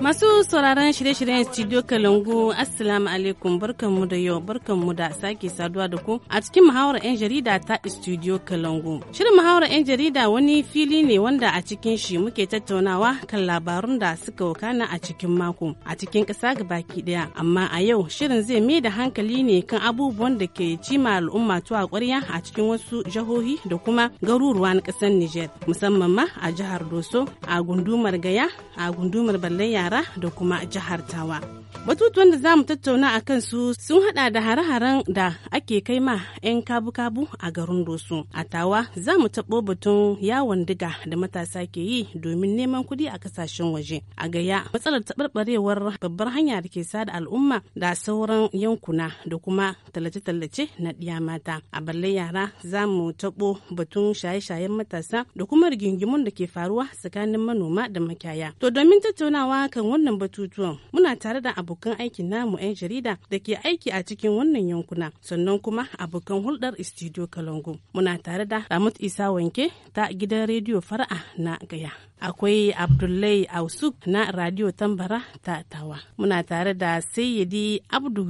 Masu sauraron shirye-shiryen Studio Kalangu, Assalamu alaikum barkan mu da yau mu da sake saduwa da ku a cikin muhawarar 'yan jarida ta Studio Kalangu. Shirin muhawarar 'yan jarida wani fili ne wanda a cikin shi muke tattaunawa kan labarun da suka wakana a cikin mako a cikin ƙasa baki ɗaya. Amma a yau shirin zai mai da hankali ne kan abubuwan da ke cima al'umma tuwa ƙwarya a cikin wasu jihohi da kuma garuruwan na ƙasar Nijar musamman ma a jihar Doso a gundumar Gaya a gundumar Bala matsalolin yara da kuma jihar tawa batutuwan da za mu tattauna a kansu sun hada da hare-haren da ake kai ma 'yan kabu-kabu a garin dosu a tawa za mu taɓo batun yawon diga da matasa ke yi domin neman kuɗi a kasashen waje a gaya matsalar taɓarɓarewar babbar hanya da ke sada al'umma da sauran yankuna da kuma tallace-tallace na ɗiya mata a balle yara za mu taɓo batun shaye-shayen matasa da kuma rigingimun da ke faruwa tsakanin manoma da makiyaya to domin tattaunawa tunawa kan wannan batutuwan muna tare da abokan aikin namu 'yan jarida da ke aiki a cikin wannan yankuna sannan kuma abokan hulɗar studio Kalangu. Muna tare da Ramut Isa Wanke ta gidan rediyo Fara'a na Gaya. akwai abdullahi ausuk na radio tambara ta tawa muna tare da sayyidi abdu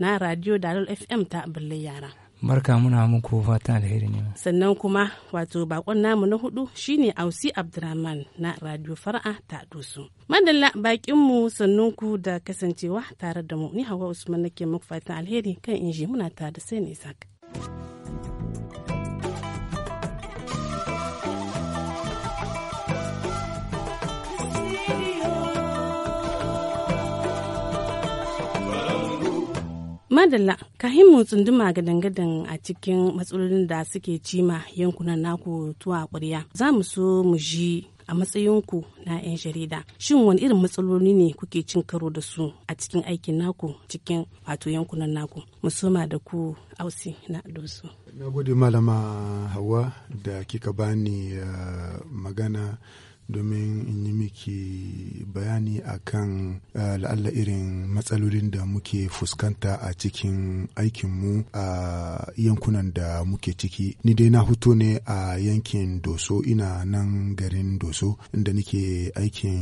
na radio dalol fm ta bulle yara barka muna muku fata alheri ne sannan kuma wato bakon namu na hudu shine ausi abdurrahman na radio far'a ta dusu madalla bakin mu sannun ku da kasancewa tare da mu ni hawa usman nake muku fatan alheri kan inji muna tare sai ne sak madalla kahin mu tsunduma ga dangadan a cikin matsalolin da suke cima yankunan naku tuwa ƙwarya za mu so mu ji a matsayinku na 'yan jarida shin wani irin matsaloli ne kuke cin karo da su a cikin aikin naku cikin wato yankunan naku musoma da ku ausi na dosu na gode malama hawa da kika bani eh, magana domin in yi miki bayani akan eh, la'alla irin matsalolin da muke fuskanta a cikin aikinmu a yankunan da muke ciki ni dai na hutu ne a yankin doso ina nan garin doso inda nake aikin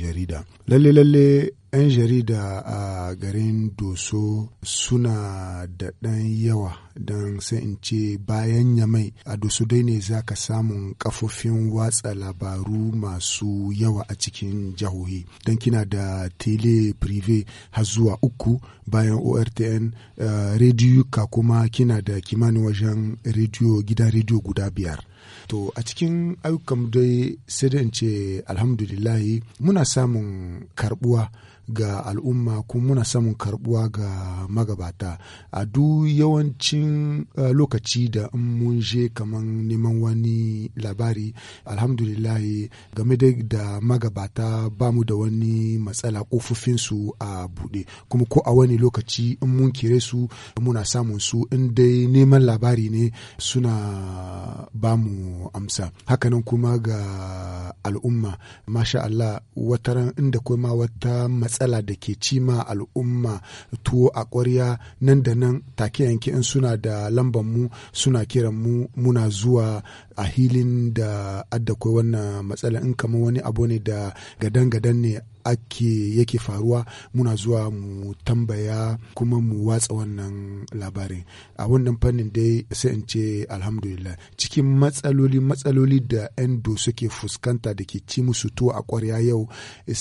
jarida lalle lalle 'yan jarida a garin doso suna da ɗan yawa don sai in ce bayan yamai a doso dai ne za ka samun kafofin watsa labaru masu yawa a cikin jahohi don kina da tele prive har zuwa uku bayan ortn uh, eh, rediyo ka kuma kina da kimanin wajen rediyo gidan rediyo guda biyar to a cikin ayyukan dai sai da in ce alhamdulillahi muna samun karbuwa ga al'umma kuma muna samun karbuwa ga magabata a duk yawancin eh, lokaci da mun je kaman neman wani labari alhamdulillahi game da magabata ba mu da wani matsala ƙofofinsu a buɗe kuma ko a wani lokaci in mun kire su muna samun su in dai neman labari ne suna ba mu amsa hakanan kuma ga al'umma masha Allah wataran inda kuma wata matsala matsala da ke cima al'umma tuwo a ƙwarya nan da nan take yanke in suna da lambar mu suna kiran mu muna zuwa a hilin da adda wannan matsala in kama wani abu ne da gadan-gadan ne ake yake faruwa muna zuwa mu tambaya kuma mu watsa wannan labarin a wannan fannin dai sai in ce alhamdulillah cikin matsaloli matsaloli da 'yan suke fuskanta da ke ci musu to a kwarya yau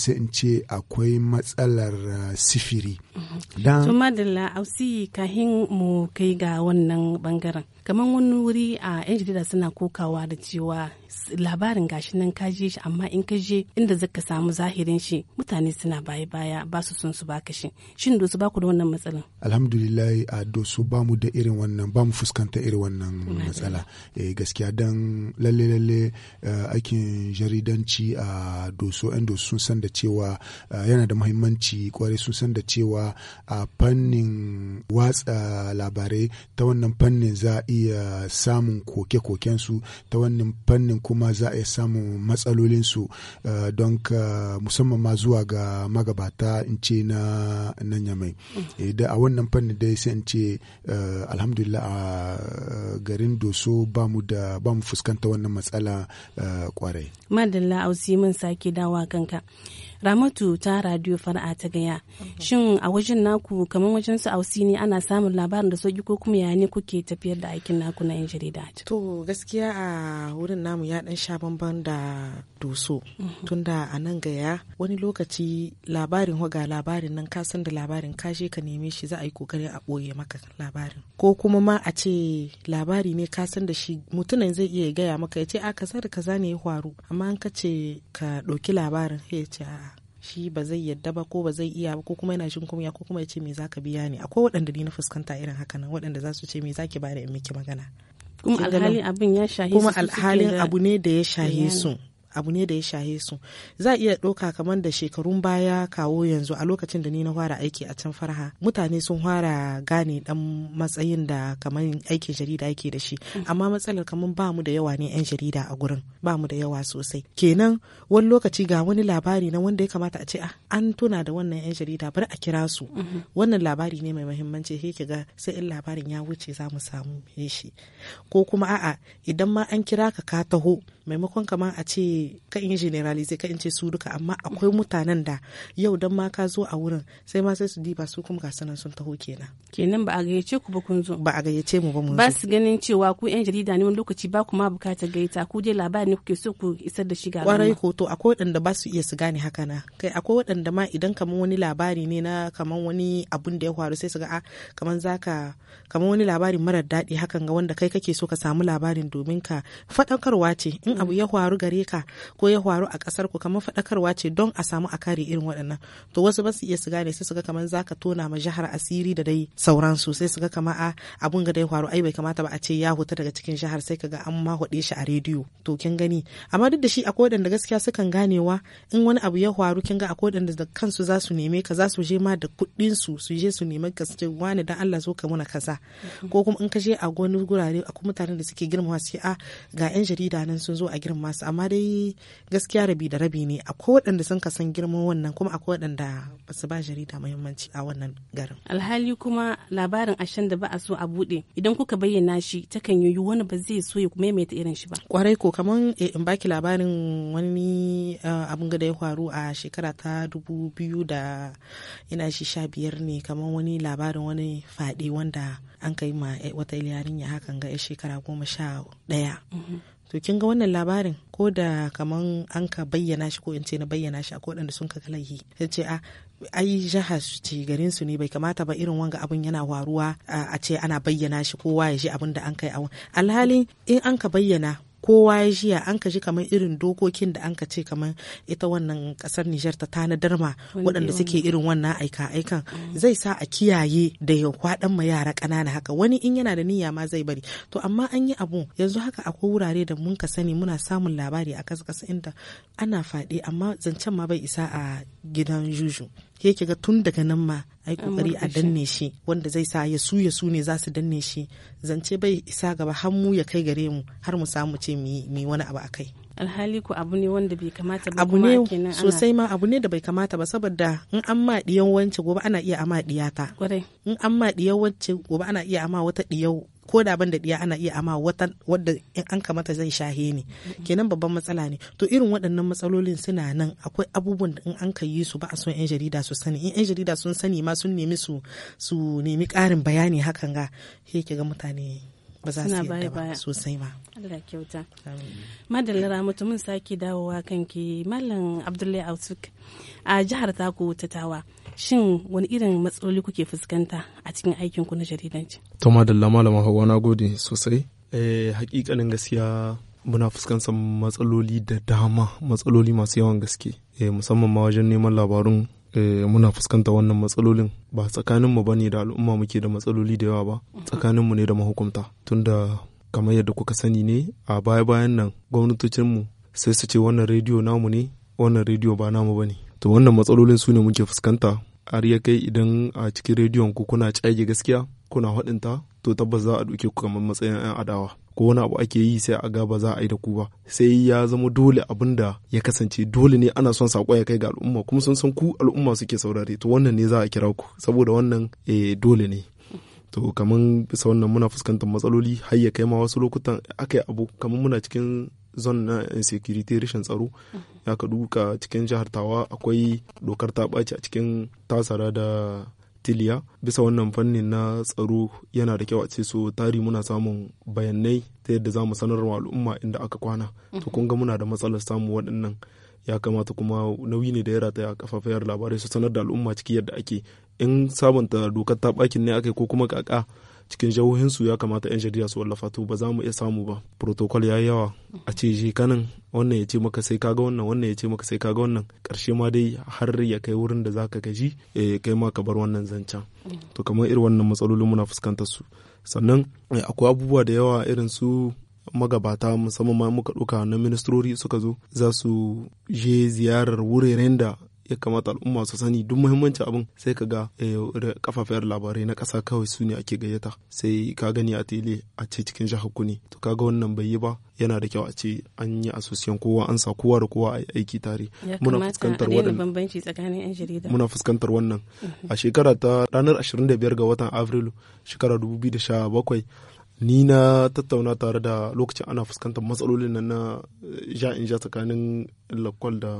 sai in ce akwai matsalar eh, sifiri mhm. dan ausi kahin mu kai ga wannan bangaren kamar wani wuri a 'yan jarida suna kokawa da cewa labarin gashi nan ka je shi amma in ka je inda zaka samu zahirin shi mutane suna baya baya ba su son su baka shi shin dosu baku da wannan matsalan alhamdulillah a dosu ba mu da irin wannan ba mu fuskanta irin wannan matsala eh gaskiya dan lalle lalle eh, aikin jaridanci a dosu yan dosu sun san da cewa eh, yana da muhimmanci kwarai sun san da cewa a fannin watsa labarai ta wannan fannin za a iya samun koke-kokensu ta wannan fannin kuma za a yi samun matsalolinsu eh, don musamman ma zuwa ga magabata in ce na nan yamai eh, da a wannan fannin dai sai in ce eh, alhamdulillah a garin doso ba mu da ba mu fuskanta wannan matsala kwarai madalla ausi mun sake dawa kanka ramatu ta radio fara'a ta gaya shin a wajen naku kamar wajen su ausi ne ana samun labarin da sauki ko kuma yaya ne kuke tafiyar da aikin naku na yan jarida to gaskiya a wurin namu ya dan sha bamban da doso mhm. tunda a nan gaya wani lokaci labarin hoga labarin nan ka san da labarin ka je ka neme shi za a yi kokarin a boye maka labarin ko kuma ma a ce labari ne ka san da shi mutumin zai iya gaya maka ya ce a kaza da kaza ne ya faru amma an ka ce ka ɗauki labarin ya ce a'a shi ba zai yadda ba ko ba zai iya ba ko kuma yana kuma ya ko kuma ya ce me zaka biya ni akwai waɗanda ni na fuskanta irin haka nan waɗanda za su ce me zaki bada in miki magana kuma alhalin kuma alhalin abu ne da ya shahe su abu ne da ya shahe su za a iya ɗauka kamar da shekarun baya kawo yanzu a lokacin da ni na fara aiki a can farha mutane sun fara gane dan matsayin da kamar aikin jarida yake da shi mm. amma matsalar kamar ba mu da yawa ne 'yan jarida a gurin ba mu da yawa sosai kenan wani lokaci ga wani labari na wanda ya kamata a ce ah, an tuna da wannan 'yan jarida bar a kira su mm-hmm. wannan labari ne mai muhimmanci sai ki ga sai in labarin ya wuce za mu samu shi ko kuma a'a idan ma an kira ka ka taho maimakon kamar a ce ka in generalize ka in ce su duka amma akwai mutanen da yau dan ma ka zo a wurin sai ma sai su diba su kuma gasu nan sun taho kenan kenan ba a gayyace ku ba kun zo ba a gayyace mu ba mun zo ba su ganin cewa ku yan jarida ne wani lokaci ba ku ma bukatar gaita ku je labarin ne kuke so ku isar da shi ga kwarai ko to akwai waɗanda ba su iya su gane haka na kai akwai waɗanda ma idan kamar wani labari ne na kamar wani abun da ya faru sai su ga a ah, kamar zaka kamar wani labarin marar daɗi hakan ga wanda kai kake so ka samu labarin domin ka faɗakarwa ce in abu ya faru gare ka ko ya faru a kasar ku kamar faɗakarwa ce don a samu a kare irin waɗannan to wasu ba su iya su gane sai su ga kamar zaka tona ma jihar asiri da dai sauransu sai su ga kamar a ah, abun ga dai faru ai bai kamata ba a ce ya huta daga cikin jihar sai ka ga an ma hude shi a rediyo to kin gani amma duk da shi akwai waɗanda gaskiya sukan ganewa in wani abu ya faru kin ga akwai waɗanda da kansu za su neme ka za su je ma da kuɗin su su je su neme ka su ce wani dan Allah zo ka muna kaza mm-hmm. ko kuma in ka je a gonin gurare akwai mutanen da suke girmama sai a ah, ga yan jarida nan sun zo zo a girma su amma dai gaskiya rabi da rabi ne akwai waɗanda sun san girma wannan kuma akwai waɗanda ba su ba jarida muhimmanci a wannan garin alhali kuma labarin ashen da ba a so a buɗe idan kuka bayyana shi ta kan yi wani ba zai so ya maimaita irin shi ba kwarai ko kaman eh, in baki labarin wani eh, abun da ya faru a shekara ta dubu biyu da ina shi sha biyar ne kamar wani labarin wani faɗi wanda an kai ma eh, wata yarinya hakan ga shekara goma sha ɗaya mhm. to kin ga wannan labarin ko da kaman an ka bayyana shi ko in ce na bayyana shi ko wanda sun ka kalahi sai ce a ah, ai jihar ce garin su ne bai kamata ba irin wanga abun yana waruwa a ce ana bayyana shi kowa ya ji abin da an kai a alhali in an ka bayyana kowa ya jiya an ka ji kamar irin dokokin da an ka ce kamar ita wannan kasar Nijar ta tanadar ma waɗanda suke irin wannan aika aikan mm. zai sa a kiyaye da ya kwaɗan ma yara ƙanana haka wani in yana da niyya ma zai bari to amma an yi abu yanzu haka akwai wurare da mun ka sani muna samun labari a kasa inda ana faɗi amma zancen ma bai isa a gidan juju ke kiga tun daga nan ma yi kokari a danne shi wanda zai sa ya su ya su ne za su danne shi zance bai isa gaba har mu ya kai gare mu har mu samu ce mu yi wani abu akai alhali ko abu ne wanda bai kamata ba abu ne sosai ma abu ne da bai kamata ba saboda in an ma diyan wance gobe ana iya ama diyata in an ma diyan wance gobe ana iya ama wata diyau ko da ban da diya ana iya amma wata wadda in an kamata zai shahe ne kenan babban matsala ne to irin waɗannan matsalolin suna nan akwai abubuwan da in an ka yi su ba a son yan jarida su sani in yan jarida sun sani ma sun nemi su su nemi ƙarin bayani hakan ga sai ki ga mutane ba za su yadda ba sosai ba Allah kyauta madallara mutumin sake dawowa kanki mallam abdullahi ausuk a jihar taku ta tawa shin wani irin matsaloli kuke fuskanta a cikin aikin ku na jaridanci to madalla malama hawa na gode sosai eh gaskiya muna fuskantar matsaloli da dama matsaloli masu yawan gaske eh, musamman ma wajen neman labarun Eh, muna fuskanta wannan matsalolin ba tsakanin mu bane da al'umma muke da matsaloli da yawa ba tsakanin mu ne da mahukunta tunda kamar yadda kuka sani ne a baya-bayan nan gwamnatocinmu sai su ce wannan rediyo namu ne wannan rediyo ba namu bane to wannan matsalolin su ne muke fuskanta har ya kai idan a cikin rediyon ku kuna cage gaskiya kuna haɗinta to tabbas za a ɗauke ku kamar matsayin 'yan adawa ko wani abu ake yi sai a ga ba za a yi da ku ba sai ya zama dole abin da ya kasance dole ne ana son saƙon ya kai ga al'umma kuma sun san ku al'umma suke saurare to wannan ne za a kira ku saboda wannan eh, dole ne to kamar bisa wannan muna fuskantar matsaloli har ya kai ma wasu lokutan aka yi abu kamar muna cikin zon na insecurity rashin tsaro ya mm-hmm. ka duka cikin jihar tawa akwai dokar ta ɓaci a cikin tasara da tiliya bisa wannan fanni na tsaro yana da kyau a ce so tari muna samun bayanai ta yadda za mu sanar wa al'umma inda aka kwana to mhm. kun ga muna da matsalar samun waɗannan ya kamata kuma nauyi ne da ya rataya a kafafayar labarai su sanar da al'umma ciki yadda ake in sabunta dokar ta bakin ne aka ko kuma kaka cikin jahohinsu ya kamata 'yan jarida su wallafa to ba za mu iya samu ba protocol ya yi yawa a ce shi kanin wannan ya ce maka sai kaga wannan wannan ya ce maka sai kaga wannan karshe ma dai har ya kai wurin da zaka gaji ya eh, kai ma ka bar wannan zancen to kamar irin wannan matsalolin muna fuskantar su sannan eh, akwai abubuwa da yawa irin su magabata musamman ma muka ɗauka na ministrori suka zo za su je ziyarar wuraren da ya kamata al'umma su sani duk muhimmancin abin sai ka ga eh, kafafen labarai na ƙasa kawai su ne ake gayyata sai ka gani a tele a ce cikin jihar kuni to ka ga wannan bai yi ba yana da kyau a ce an yi asusiyan kowa an sa kowa da kowa a aiki tare muna fuskantar wannan bambanci tsakanin yan jarida muna fuskantar wannan mhm. a shekara ta ranar 25 ga watan afrilu shekara 2017 ni na tattauna tare da lokacin ana fuskantar matsalolin nan na eh, ja in ja tsakanin lakwal da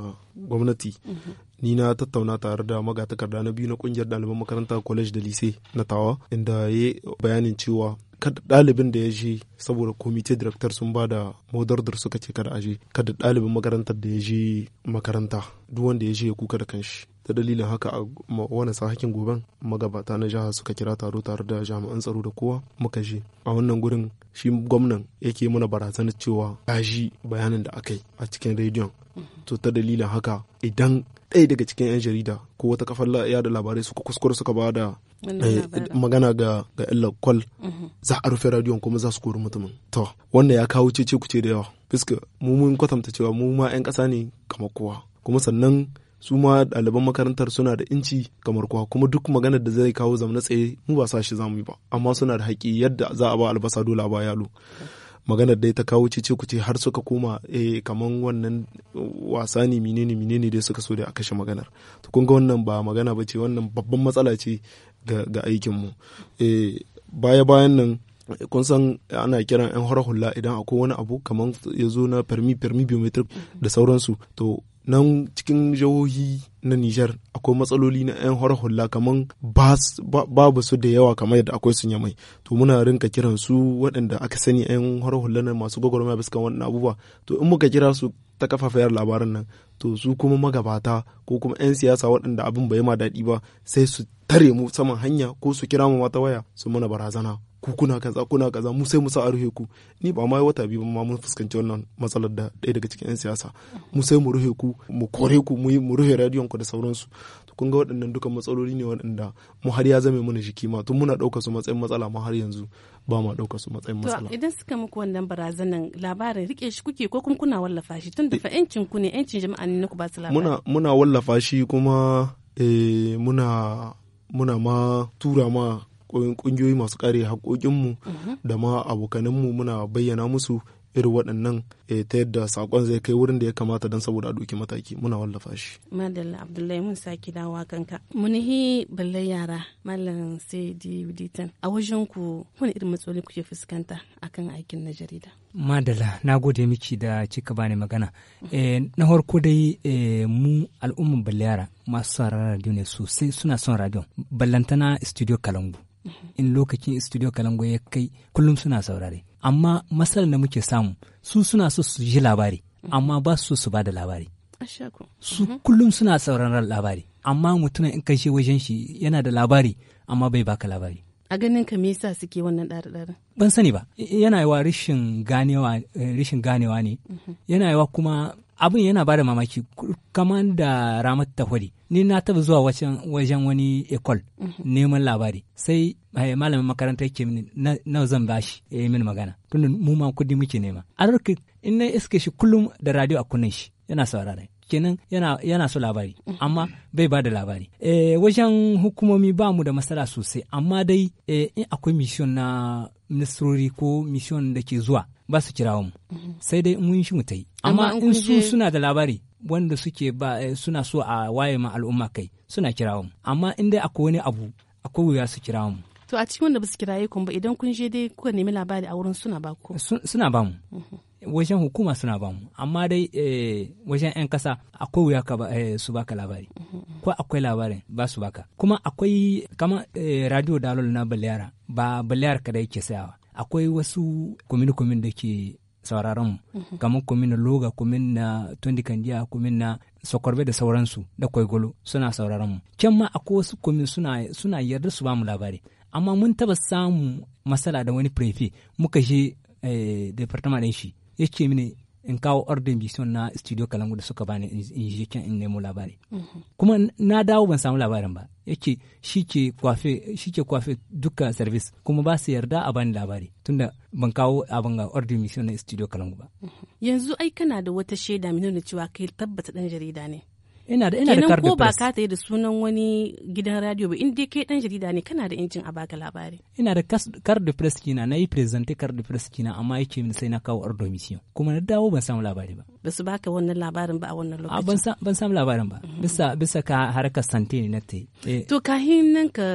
gwamnati mhm. ni na tattauna tare da magatakarda na biyu na kungiyar ɗaliban makaranta college da lise na tawa inda ya bayanin cewa kada ɗalibin da ya je saboda komite director sun ba da modardar suka ce kada aje kada ɗalibin makarantar da ya je makaranta duk wanda ya je ya kuka da kanshi ta dalilin haka a wani sahakin goben magabata na jiha suka kira taro tare da jami'an tsaro da kowa muka je a wannan gurin shi gwamnan yake mana barazana cewa ya ji bayanin da aka yi a cikin rediyon to ta dalilin haka idan ɗaya daga cikin 'yan jarida ko wata kafar yada labarai suka kuskure suka ba da eh, magana ga ga illa kwal mhm. za a rufe radiyon kuma za su kori mutumin to wannan ya kawo cece kuce da yawa fiska mu mun kwatanta cewa mu ma 'yan ƙasa ne kamar kowa kuma sannan su ma ɗaliban makarantar suna da inci kamar kuwa kuma duk maganar da zai kawo zamna tsaye mu ba sa shi zamu yi ba amma suna da haƙi yadda za a ba albasa dole a ba yalo maganar dai ta kawo cece ce har suka koma eh kaman wannan wasa ne menene menene dai suka so da a kashe maganar to kun ga wannan ba magana ba ce wannan babban matsala ce ga ga aikin mu eh baya bayan nan kun san ana kiran yan hula idan akwai wani abu kamar ya zo na permi permi biometric da sauransu to nan cikin jihohi na Nijar akwai matsaloli na 'yan hore hula kamar babu su da yawa kamar yadda akwai su yamai to muna rinka kiran su waɗanda aka sani 'yan hore hula na masu gwagwarmaya bisa wannan abubuwa to in muka kira su ta kafafayar labarin nan to su kuma magabata ko kuma 'yan siyasa waɗanda abin bai ma daɗi ba sai su tare mu saman hanya ko su kira mu mata waya su mana barazana ku kuna kaza kuna kaza mu sai mu sa a ruhe ku ni ba ma wata biyu ma mun fuskanci wannan matsalar da ɗaya daga cikin 'yan siyasa mu sai mu ruhe ku mu kore ku mu mu ruhe radiyon ku da sauransu to kun ga waɗannan dukan matsaloli ne waɗanda mu har ya zame mana jiki ma tun muna ɗaukar su matsayin matsala ma har yanzu ba ma ɗaukar su matsayin matsala. idan suka muku wannan barazanan labarin rike shi kuke ko kuma kuna wallafa shi tun da fa 'yancin ku ne 'yancin jama'a ne ku ba su labarin. muna muna wallafa shi kuma eh, muna muna ma tura ma ƙungiyoyi masu kare haƙoƙinmu mhm. da ma abokananmu muna bayyana musu irin waɗannan eh, ta yadda saƙon zai kai wurin da ya kamata don saboda a ɗauki mataki muna wallafa shi. Madalla Abdullahi mun sake dawa kanka. Munihi balle yara Malam Saidi Uditan a wajen ku wani irin matsaloli kuke fuskanta akan aikin na jarida. Madalla na gode miki da cika bani magana. Mhm. Eh, na farko dai eh, mu al'umman balle yara masu sauraron radiyo ne sosai suna son radio ballantana studio Kalangu. in lokacin studio kalango ya kai kullum suna saurare amma matsalar da muke samu su suna so su ji labari amma ba su so su ba da labari su mhm. kullum suna sauraron labari amma mutumin in kai wajen shi yana da labari amma bai baka labari a ganin ka me yasa suke wannan ɗarɗarin ban sani ba yana yawa rashin ganewa eh, rashin ganewa ne mhm. yana yawa kuma abin yana ba da mamaki kamar da ramat tahori ni na taba zuwa wajen wani ekol mhm. neman labari sai eh, malamin makarantar ke na zan shi ya yi mini magana tunda mu ma kudi muke nema a in na iske shi kullum da radio a kunan shi yana saurara kenan yana, so labari mhm. amma bai ba da labari eh, wajen hukumomi ba mu da matsala sosai amma dai e, in akwai mission na ministrori ko mission da ke zuwa ba su kirawo mu sai dai mun shi mu ta yi amma in su suna da labari wanda suke ba eh, suna so a waye ma al'umma kai suna kirawo mu amma in dai akwai wani abu akwai wuya su kirawo mu to a cikin wanda ba su kiraye kun ba idan kun je dai kuka nemi labari a wurin suna ba ku suna ba mu mhm. wajen hukuma suna ba mu amma dai eh, wajen 'yan kasa akwai wuya ka eh, su baka labari mhm. ko akwai labarin ba su baka kuma akwai kama radio dalol na baliyara ba baliyar kadai da sayawa akwai wasu kumin-kumin da ke sauraron mu mhm. kamar kumin na loga kumin na tondikandiya kumin na sokorbe da sauransu da kwaigolo suna sauraron mu can ma akwai wasu kumin suna, suna yarda su bamu labari amma mun taba samu matsala da wani prefe muka je eh, departament ɗin shi ya ce mini in kawo ordin bison na studio kalangu da suka bani in je can in nemo labari mhm. kuma na dawo ban samu labarin ba yake shi ke kwafe duka service kuma ba su yarda a bani labari tunda ban kawo abin ga ordin bison na studio kalangu ba mhm. yanzu ai kana da wata shaida mai nuna cewa kai tabbata dan jarida ne ina da ina da ko ba ka tayi da sunan wani gidan radio ba in dai kai dan jarida ne kana da injin a baka labari ina da de press kina na yi presente de press kina amma yake min sai na kawo ordomisiyon kuma na dawo ban samu labari ba ba su baka wannan labarin ba a wannan lokacin ban samu labarin ba mhm. bisa bisa ka harkar sante ne na ta eh. to ka nan ka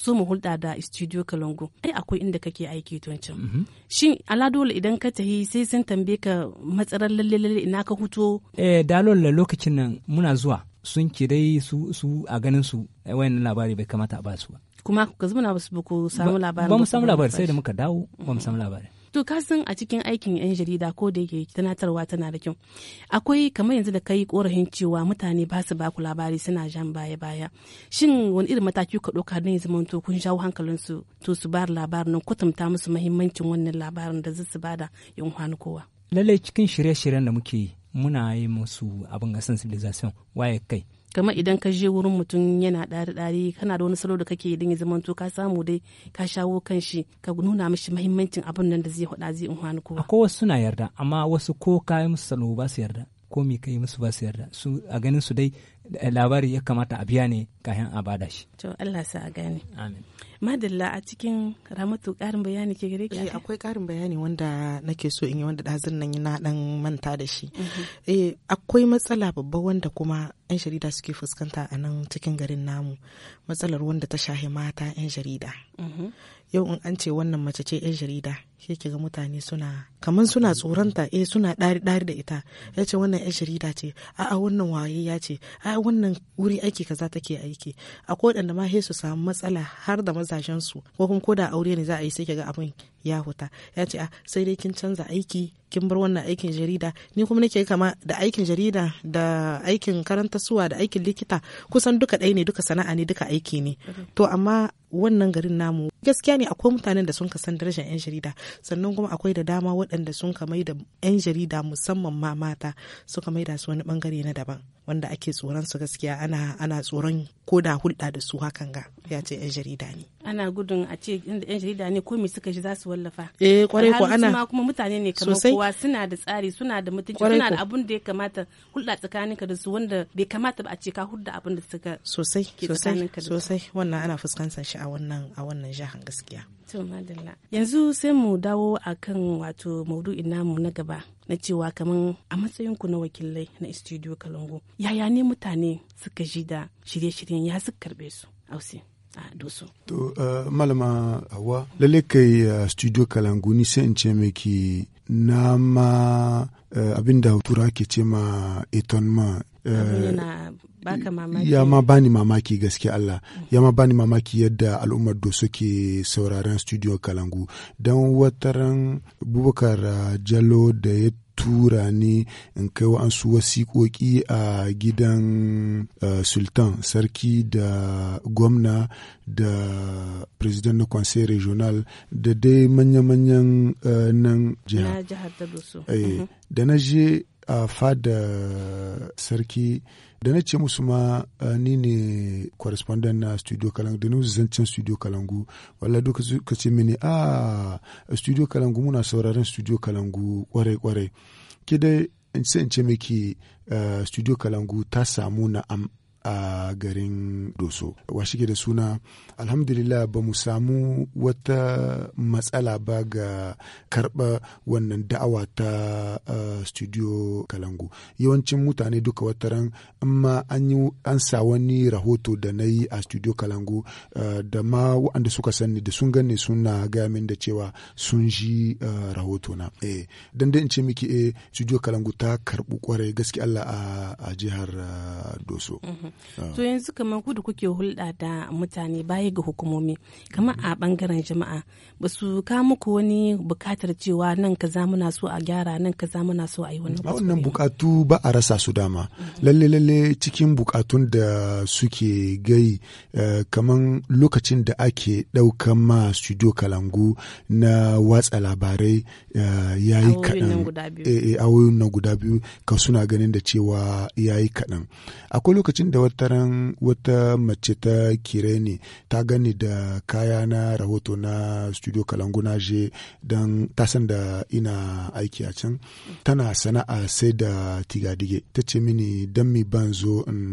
su mu hulɗa da studio kalongo ai akwai inda kake aiki to can mhm. shin dole idan ka tahi sai sun tambaye ka matsalar lalle lalle ina ka huto eh la lokacin nan muna zuwa sun kirai su su a ganin su eh, wayannan labari bai kamata a ba su ba kuma ka zama na ba su samu labarin ba mu samu labarin sai da muka dawo ba mu samu mhm. labarin to ka a cikin aikin yan jarida ko da yake tunatarwa tana da kyau akwai kamar yanzu da kai korafin cewa mutane ba su ba ku labari suna jan baya baya shin wani irin mataki ka doka don ya zama to kun shawo hankalin su to su ba labarin nan kwatanta musu muhimmancin wannan labarin da zai su bada yan kowa. lallai cikin shirye-shiryen da muke yi muna yi musu abin ga sensibilisation waye kai kamar idan ka je wurin mutum yana ɗari ɗari kana da wani salo da kake idan ya zamanto ka samu dai ka shawo kan shi ka nuna mishi mahimmancin abin nan da zai haɗa zai in kowa. Akwai wasu suna yarda amma wasu ko ka yi musu salo ba su yarda ko me ka yi musu ba su yarda su a ganin su dai labari ya kamata a biya ne kayan a bada shi. To Allah sa a gane. Amin. Madalla a cikin ramatu karin bayani ke gare ki. Eh, akwai karin bayani wanda nake so in yi wanda dazun nan na dan manta da shi. Mhm. Eh akwai matsala babba wanda kuma yan jarida suke fuskanta a nan cikin garin namu. Matsalar wanda ta shahi mata yan jarida. Mhm. yau in an ce wannan mace ce yan jarida sai ki ga mutane suna kamar suna tsoronta eh suna ɗari ɗari da ita ya ce wannan yan jarida ce a'a wannan waye ya ce a'a wannan wuri aiki kaza take aiki akwai waɗanda ma sai su samu matsala har da mazajen su ko kuma ko da aure ne za a yi sai ki ga abin ya huta ya ce a ah, sai dai kin canza aiki kin bar wannan aikin jarida ni kuma nake kama da aikin jarida da aikin karanta suwa da aikin likita kusan duka ɗaya ne duka sana'a ne duka aiki ne to amma wannan garin namu gaskiya ne akwai mutanen da sun san darajar 'yan jarida sannan kuma akwai da dama waɗanda sun kamai da 'yan jarida musamman ma mata suka maida su wani bangare na daban wanda ake tsoron su gaskiya ana ana tsoron ko da hulɗa da su hakan ga ya ce yan jarida ne ana gudun a ce inda yan jarida ne ko me suka shi za su wallafa eh kwarai ko ana kuma mutane ne kamar kowa suna da tsari suna da mutunci suna da abun da ya kamata hulɗa tsakaninka da su wanda bai kamata ba a ce ka hulɗa abun da suka sosai sosai sosai wannan ana fuskantar shi a wannan a wannan jahan gaskiya To madalla. Yanzu sai mu dawo a akan wato maudu'in namu na gaba na cewa kamar a matsayinku na wakilai na studio Kalangu. Yaya ne mutane suka ji da shirye-shiryen ya suka karbe su? Ausi. To eh, malama Hawa, lalle kai eh, studio Kalangu ni sai in ce maki na ma eh, abin da tura ke ce ma etonma Eh, ya ma ni mamaki gaske Allah ya ma bani mamaki yadda al'ummar da suke sauraron studio kalangu don wataran bubakar uh, jalo da ya tura ni in kai wa'ansu wasiƙoƙi a gidan uh, sultan sarki da gwamna da president na conseil regional da dai manya-manyan uh, nan jihar eh, mhm. da na je a fada sarki da na ce musu ma ni ne correspondent na studio kalangu da na zancen studio kalangu wala duka ka ce mini a ah, studio kalangu muna sauraron studio kalangu kwarai-kwarai ke dai in ce miki studio kalangu ta samu na'am a garin doso washige da suna alhamdulillah ba mu samu wata matsala ba ga karɓa wannan da'awa ta uh, studio kalangu yawancin mutane duka wataran amma an sa wani rahoto da na yi a studio kalangu da ma waɗanda suka sani da sun gane suna gaya min da cewa sun ji rahoto na eh ce miki eh, studio kalangu ta karɓi kwarai gaske Allah a jihar doso mhm. Ah. to yanzu kamar ku da kuke hulɗa da mutane baya ga hukumomi kamar a bangaren jama'a ba su ka muku wani bukatar cewa nan kaza muna so a gyara nan za muna so a yi wani wannan bukatu ba a rasa su dama mm-hmm. lalle lalle cikin bukatun da suke gai eh, kamar lokacin da ake ɗaukan ma studio kalangu na watsa labarai eh, ya yi kaɗan a wayoyin na guda biyu ka suna ganin da cewa ya yi kaɗan akwai lokacin da wataran wata mace ta kire ni ta gani da kaya na rahoto na studio kalangu na je don tasan da ina aiki a can tana sana'a sai da tigadige ta ce mini don mi ban zo in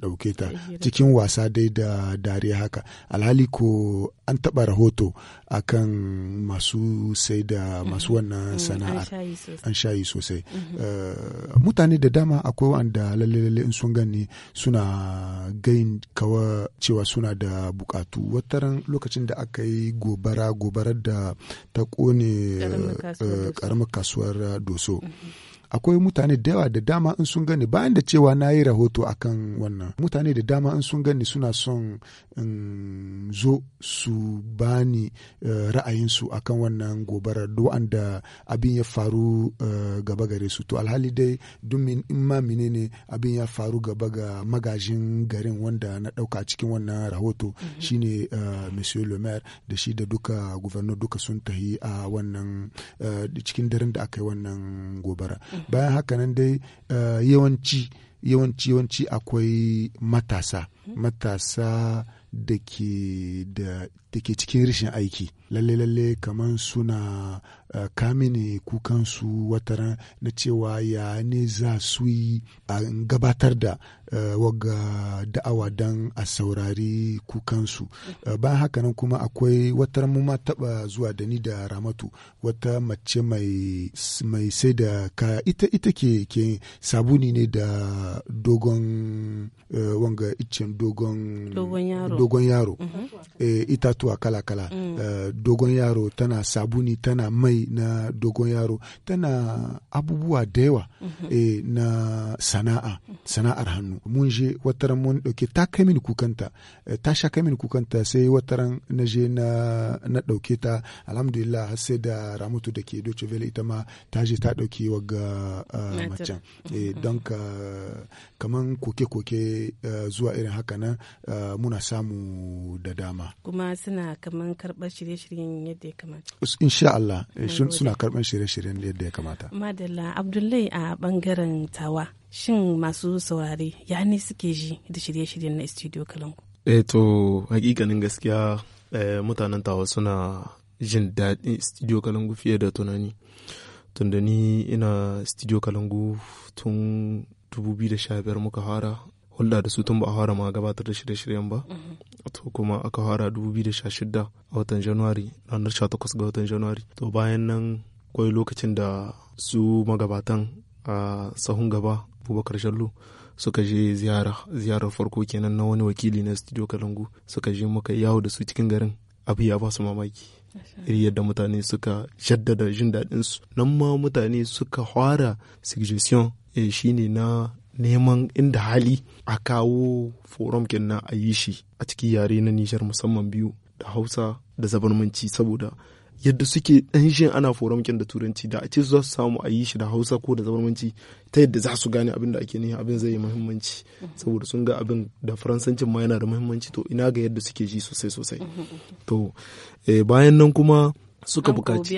ɗauke ta cikin wasa dai da dariya haka alhali ko an taɓa rahoto a kan masu sai da mm-hmm. masu wannan mm-hmm. sana'ar an shayi sosai mm-hmm. uh, mutane da dama akwai wanda lalle-lalle in sun gani suna gayin kawa cewa suna da bukatu wataran lokacin da aka yi gobara gobarar da ta kone karamar uh, uh, kasuwar doso akwai mutane da yawa da dama in sun gani bayan da cewa na yi rahoto a kan wannan mutane da dama in sun gani suna son in zo su bani uh, ra'ayinsu kan wannan gobara gobarar da abin ya faru eh, gaba gare su to alhali dai domin in ma menene abin ya faru gaba ga magajin garin wanda na ɗauka cikin wannan rahoto mhm. shine eh, monsieur le maire da shi da duka gouverneur duka sun tahi a wannan cikin daren da aka yi wannan gobara bayan haka nan dai eh, yawanci yawanci yawanci akwai matasa matasa da ke da da ke cikin rashin aiki lalle lalle kamar suna uh, kukansu watara na cewa ya ne za su yi a gabatar da uh, eh, waga da'awa don a saurari kukansu uh, eh, hakanan haka kuma akwai watar mu ma taba zuwa da ni da ramatu wata mace mai sai da ka ita ita ke ke sabuni ne da dogon uh, wanga iccen dogon yaro, mhm. ita itatuwa kala-kala mm. uh, dogon yaro tana sabuni tana mai na dogon yaro tana abubuwa da yawa mm -hmm. e, na sana'a sana'ar hannu mun je wataran mun ɗauke ta kai mini kukanta eh, ta sha kai mini kukanta sai wataran na je na ɗauke ta alhamdulillah har sai da ramutu da ke doce vele ita ma ta je ta dauke wa ga uh, macen e, don ka kaman koke-koke uh, zuwa irin haka nan muna samu da dama suna kaman karɓar shirye-shiryen yadda ya kamata insha Allah eh, suna karɓar shirye-shiryen yadda ya kamata madalla abdullahi a ɓangaren tawa shin masu saurare ya ne suke ji da shirye-shiryen na studio Kalangu. eh to hakikanin gaskiya eh, mutanen tawa suna jin daɗin studio kalangu fiye da tunani tunda ni ina studio kalangu tun 2015 muka fara hulɗa da su tun ba a fara ma gabatar da shirye-shiryen ba mm-hmm. to kuma aka fara 2016 a watan januari ranar 18 ga watan januari to bayan nan kwai lokacin da su magabatan a sahun gaba abubakar shallu suka je ziyara ziyarar farko kenan na wani wakili na studio kalangu suka je muka yawo da su cikin garin abu ya ba su mamaki iri yadda mutane suka jaddada jin daɗinsu nan ma mutane suka fara suggestion eh, shine na neman inda hali a kawo forum kenan a yi shi a cikin yare na Nijar musamman biyu da Hausa da zabarmanci saboda yadda suke ɗan shin ana forum da turanci da a ce za su samu a yi shi da hausa ko da zabarmanci ta yadda za su gane abin da ake nihi abin zai yi muhimmanci saboda sun ga abin da faransancin ma yana da muhimmanci to ina ga yadda suke ji sosai sosai to eh, bayan nan kuma suka bukaci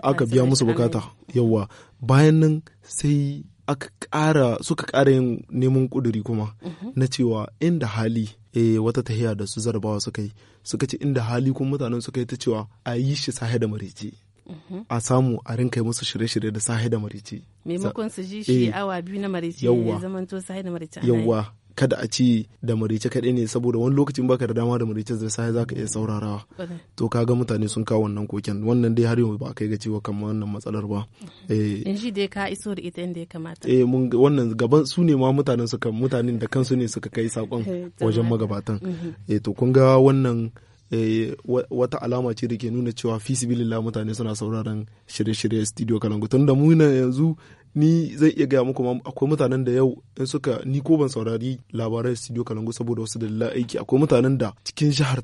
aka biya musu eh, bukata yawa bayan nan sai aka ƙara suka ƙara yin neman ƙuduri kuma mhm. na cewa inda hali e, wata tahiya da su zarabawa suka yi suka ce inda hali kuma mutanen suka yi ta cewa a yi shi sahe da marece mhm. a samu a rinka yi musu shirye-shirye da sahe da marece maimakon su ji shi eh, awa biyu na marece ya zamanto sahe da marece yawwa kada a ci da marice kaɗai ne saboda wani lokacin baka da dama da marice da sai zaka iya saurarawa to kaga mutane sun kawo wannan koken wannan dai har yau ba kai ga cewa kamar wannan matsalar ba mhm. eh shi dai ka iso da ita inda ya kamata eh mun wannan gaban su ne ma mutanen suka mutanen da kansu ne suka kai sakon eh, wajen magabatan mhm. eh to kun ga wannan eh, wata alama ce da ke nuna cewa fi mutane suna sauraron shirye-shirye studio kalangu tun da muna yanzu ni zai iya gaya muku akwai mutanen da yau in suka ni ko ban saurari labarai studio kalangu saboda wasu dalilan aiki akwai mutanen da cikin jihar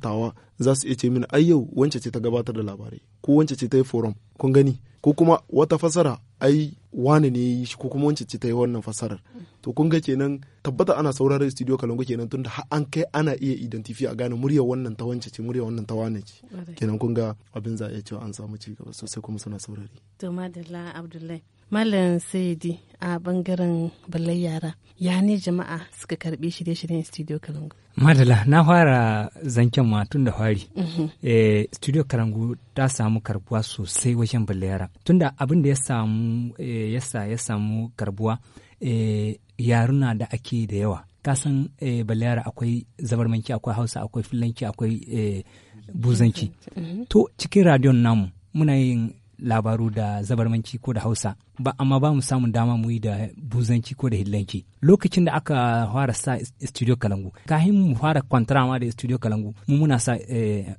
za su iya ce mini ai yau wance ce ta gabatar da labarai ko wancan ce ta yi forum kun gani ko kuma wata fasara ai wani ne yi shi ko kuma wancan ta yi wannan fasarar to kun ga kenan tabbata ana sauraron studio kalango kenan tunda har an kai ana iya identify a gane murya wannan ta wancan ce murya wannan ta wane ce kenan kun ga abin za a iya cewa an samu ci gaba sosai kuma suna saurari to madalla abdullahi malam saidi a bangaren ballar yara ya ne jama'a suka karbi shirye-shiryen studio kalango madalla na fara zancen ma tun da fari mhm. eh, studio karangu ta samu karbuwa sosai wajen balayara tunda abin da ya samu eh, Eh, yasa ya samu karbuwa eh, yaruna da ake da yawa kasan eh, balayara akwai zabarmanci akwai hausa akwai filanci akwai buzanci mm-hmm. to cikin radiyon namu muna yin labaru da zabarmanci ko da hausa ba amma ba mu samun dama mu yi da buzanci ko da hillanci lokacin da aka fara sa studio kalangu kahin mu fara kwantarama da studio kalangu mu muna sa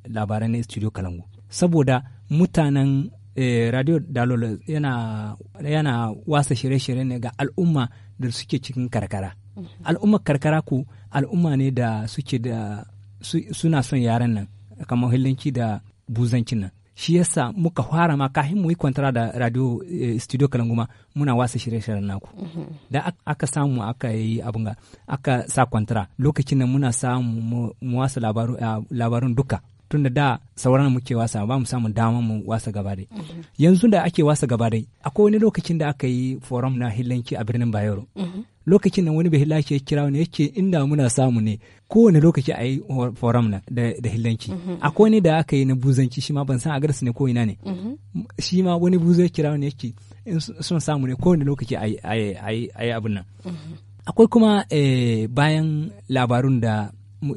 labaran na studio kalangu saboda mutanen Eh, radio dalolo yana, yana wasa shirye-shirye ne ga al'umma da suke cikin karkara mhm. al'umma karkara ku al'umma ne da suke da suna son yaran nan kamar hillanci da buzanci nan shi yasa muka fara ma kafin mu yi kwantara da radio eh, studio kalanguma muna wasa shirye-shiryen naku mhm. da aka samu aka yi abin aka sa kwantara lokacin nan muna samu mu wasa eh, labarun duka tunda da sauran muke wasa ba mu samu dama mu wasa gaba dai yanzu da ake wasa gaba dai akwai wani lokacin da aka yi forum na hillanki a birnin bayero lokacin nan wani bahila ke kira ne yake inda muna samu ne kowane lokaci a yi forum na da hillanci akwai wani da aka yi na buzanci shi ma ban san agarsu ne ko ina ne shi ma wani buzo ya kira ne yake sun samu ne kowane lokaci a yi abin nan akwai kuma eh, bayan labarun da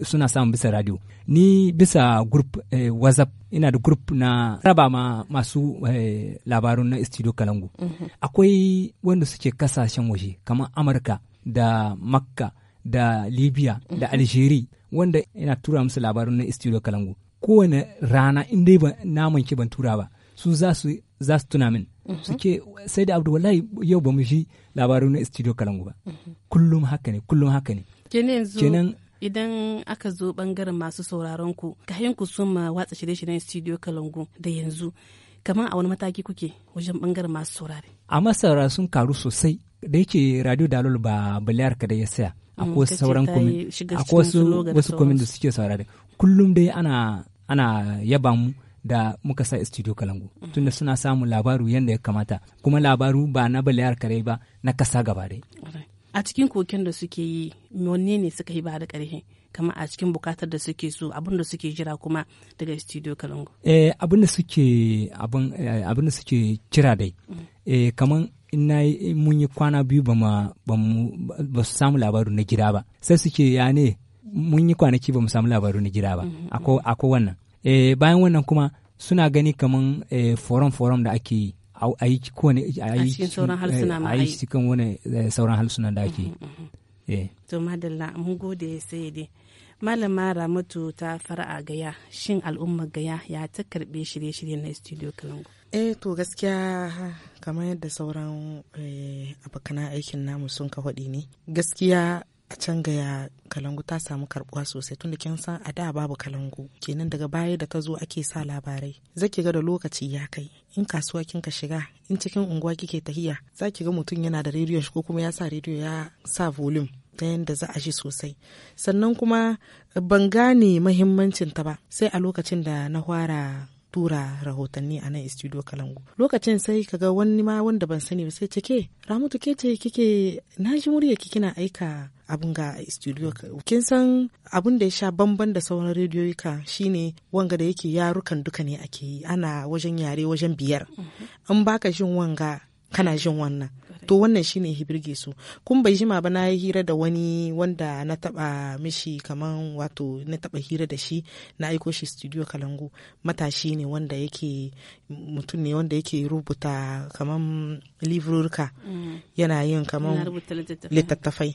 suna samun bisa radio ni bisa group eh, whatsapp ina da group na raba ma masu eh, labarun na studio kalangu mm -hmm. akwai wanda suke kasashen waje kamar amurka da makka da libya mm -hmm. da mhm. algeri wanda ina tura musu labarun na studio kalangu kowane rana in ba naman ban tura ba su za su za su tuna min mhm. suke sai da abdu wallahi yau ba mu shi labarun na studio kalangu ba mhm. kullum haka ne kullum haka ne kenan idan aka zo bangaren masu sauraron ku kayan ku suma watsa shirye-shiryen studio kalangu da yanzu kamar a wani mataki kuke wajen bangaren masu saurare a masara sun karu sosai da yake radio dalol ba biliyar ka da ya saya mm, akwai sauran kumin akwai wasu kumin da suke saurare kullum dai ana ana yaba mu da muka sa studio kalangu mm. tunda suna samun labaru yadda ya kamata kuma labaru ba na baliyar kare ba na kasa gaba dai a cikin koken da suke yi wanne ne suka yi ba da karhe kamar a cikin bukatar da suke so abin da suke jira kuma daga studio kalango eh abin da suke eh, abin da suke jira dai eh kaman in na mun yi kwana biyu ba ba su samu labaru na gida ba sai suke ya ne mun yi kwanaki ba mu samu labaru na gida ba mm-hmm. akwai wannan eh bayan wannan kuma suna gani kaman eh, forum forum da ake yi a yi eh, cikin wani eh, sauran da ake mm, mm, mm, eh. to madalla mun gode malama ramatu ta fara gaya shin al'umma gaya ya ta karbe shirye-shirye na studio kalangu eh to gaskiya kamar yadda sauran abokan aikin namu sun ka ne gaskiya a can gaya kalangu ta samu karbuwa sosai tunda kin san a da babu kalangu kenan daga baya da ta zo ake sa labarai zaki ga da lokaci ya kai in kasuwa kin ka shiga in cikin unguwa kike tahiya zaki ga mutum yana da rediyon shi ko kuma ya sa rediyo ya sa volume ta yadda za a ji sosai sannan kuma ban gane mahimmancin ta ba sai a lokacin da na fara tura rahotanni a nan studio kalangu lokacin sai kaga wani ma wanda ban sani ba sai cike ramutu ke ce kike na ji murya kina aika abin ga studio kin san abin da ya sha bamban da sauran rediyoyi shine wanga da yake yarukan duka ne ake yi ana wajen yare wajen biyar mhm. in baka jin wanga kana jin wannan to wannan shine hibirge su kun bai jima ba na yi hira da wani wanda na taba mishi kaman wato na taba hira da shi na aiko shi studio kalangu matashi ne wanda yake mutum ne wanda yake rubuta kaman livrurka mm. yana yin kaman littattafai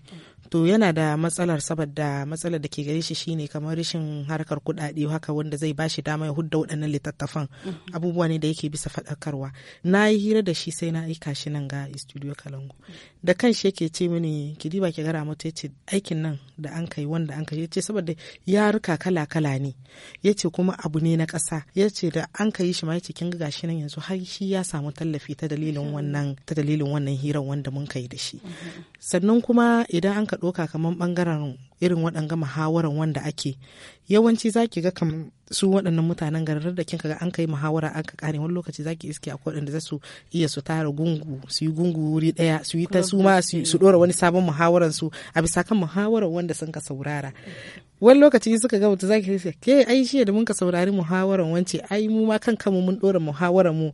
to yana da matsalar saboda matsalar da ke gare shi ne kamar rashin harkar kuɗaɗe haka wanda zai bashi dama ya hudda waɗannan littattafan mm. abubuwa ne da yake bisa faɗakarwa na yi hira da shi sai na aika shi nan ga studio kalangu da kan shi yake ce mini ki diba ki gara mata yace aikin nan da an kai wanda an kai yace saboda yaruka kala kala ne yace kuma abu ne na ƙasa yace da an kai shi ma yace kin ga gashi nan yanzu har shi ya samu tallafi ta dalilin wannan ta dalilin wannan hirar wanda mun kai da shi mm-hmm. sannan kuma idan an ka ɗauka kamar bangaren irin waɗanga muhawaran wanda ake yawanci za ki ga kam su waɗannan mutanen garin da kin ga an kai muhawara an ka kare wani lokaci za ki iske akwai waɗanda za su iya su tara gungu su yi gungu wuri ɗaya su yi ta su ma su ɗora wani sabon muhawaran su a bisa kan muhawaran wanda sun ka saurara wani lokaci suka ga mutu za ki iske ke ai shi da mun ka saurari muhawaran wance ai mu ma kan kanmu mun ɗora muhawaran mu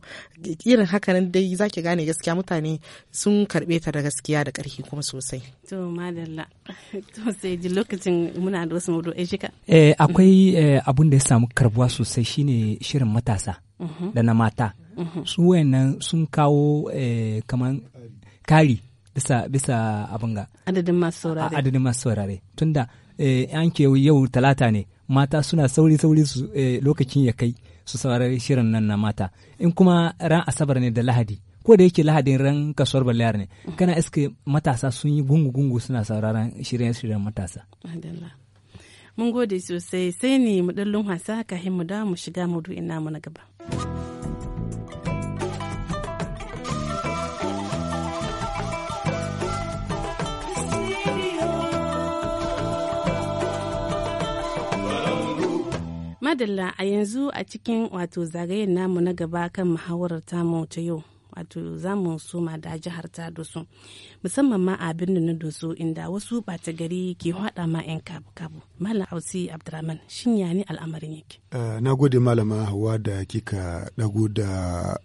irin haka nan dai za ki gane gaskiya mutane sun karɓe ta da gaskiya da ƙarfi kuma sosai. to madalla to sai lokacin muna da wasu a shika. Eh, akwai eh, abun da ya samu karbuwa sosai shine shirin matasa mm-hmm. da na mata. Mm-hmm. Su wayannan sun kawo kamar eh, kaman kari bisa bisa abin ga. Adadin masu saurare. Adadin masu saurare. Tunda an ke yau talata ne mata suna sauri sauri su lokacin ya kai su saurari shirin nan na mata. In kuma ran asabar ne da lahadi. ko da yake lahadin ran kasuwar balayar ne kana iske matasa sun yi gungu-gungu suna sauraron shirye-shiryen matasa mun gode sosai sai ne mu ɗan wasa kafin mu mu shiga maudu'in namu na gaba madalla a yanzu a cikin wato zagayen namu na gaba kan muhawarar tamu ta yau wato zamu suma da jihar ta doso musamman ma a birnin na doso inda wasu bata gari ke haɗa ma 'yan kabu-kabu malam ausi abdurrahman shin ya ne al'amarin yake eh, na gode malama hawa da kika ɗago da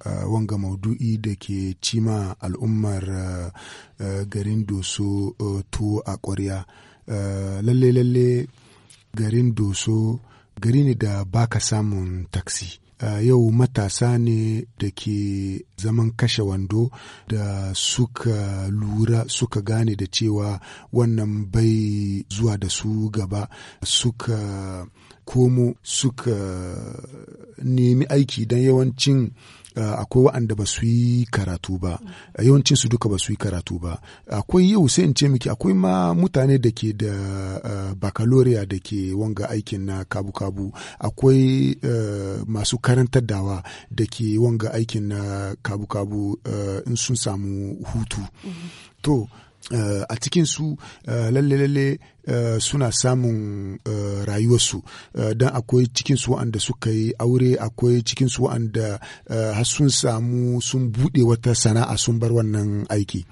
eh, wanga maudu'i da ke cima al'ummar eh, garin doso tuwo a ƙwarya lalle lalle garin doso gari ne da baka samun taksi yau matasa ne da ke zaman kashe wando da suka lura suka gane da cewa wannan bai zuwa da su gaba suka komo suka nemi aiki don yawancin Eh, akwai waɗanda ba su yi karatu ba eh, yawancin su duka ba su yi karatu ba akwai yau sai in ce miki akwai ma mutane da ke da eh, baccalaureate da ke wanga aikin na kabu-kabu akwai masu karantar dawa da ke wanga aikin na kabu-kabu in sun samu hutu mm-hmm. to a cikin su lalle-lalle Eh, suna samun eh, rayuwarsu eh, don akwai cikin su suka yi aure akwai cikin su wa'anda sun samu sun buɗe wata sana'a sun bar wannan aiki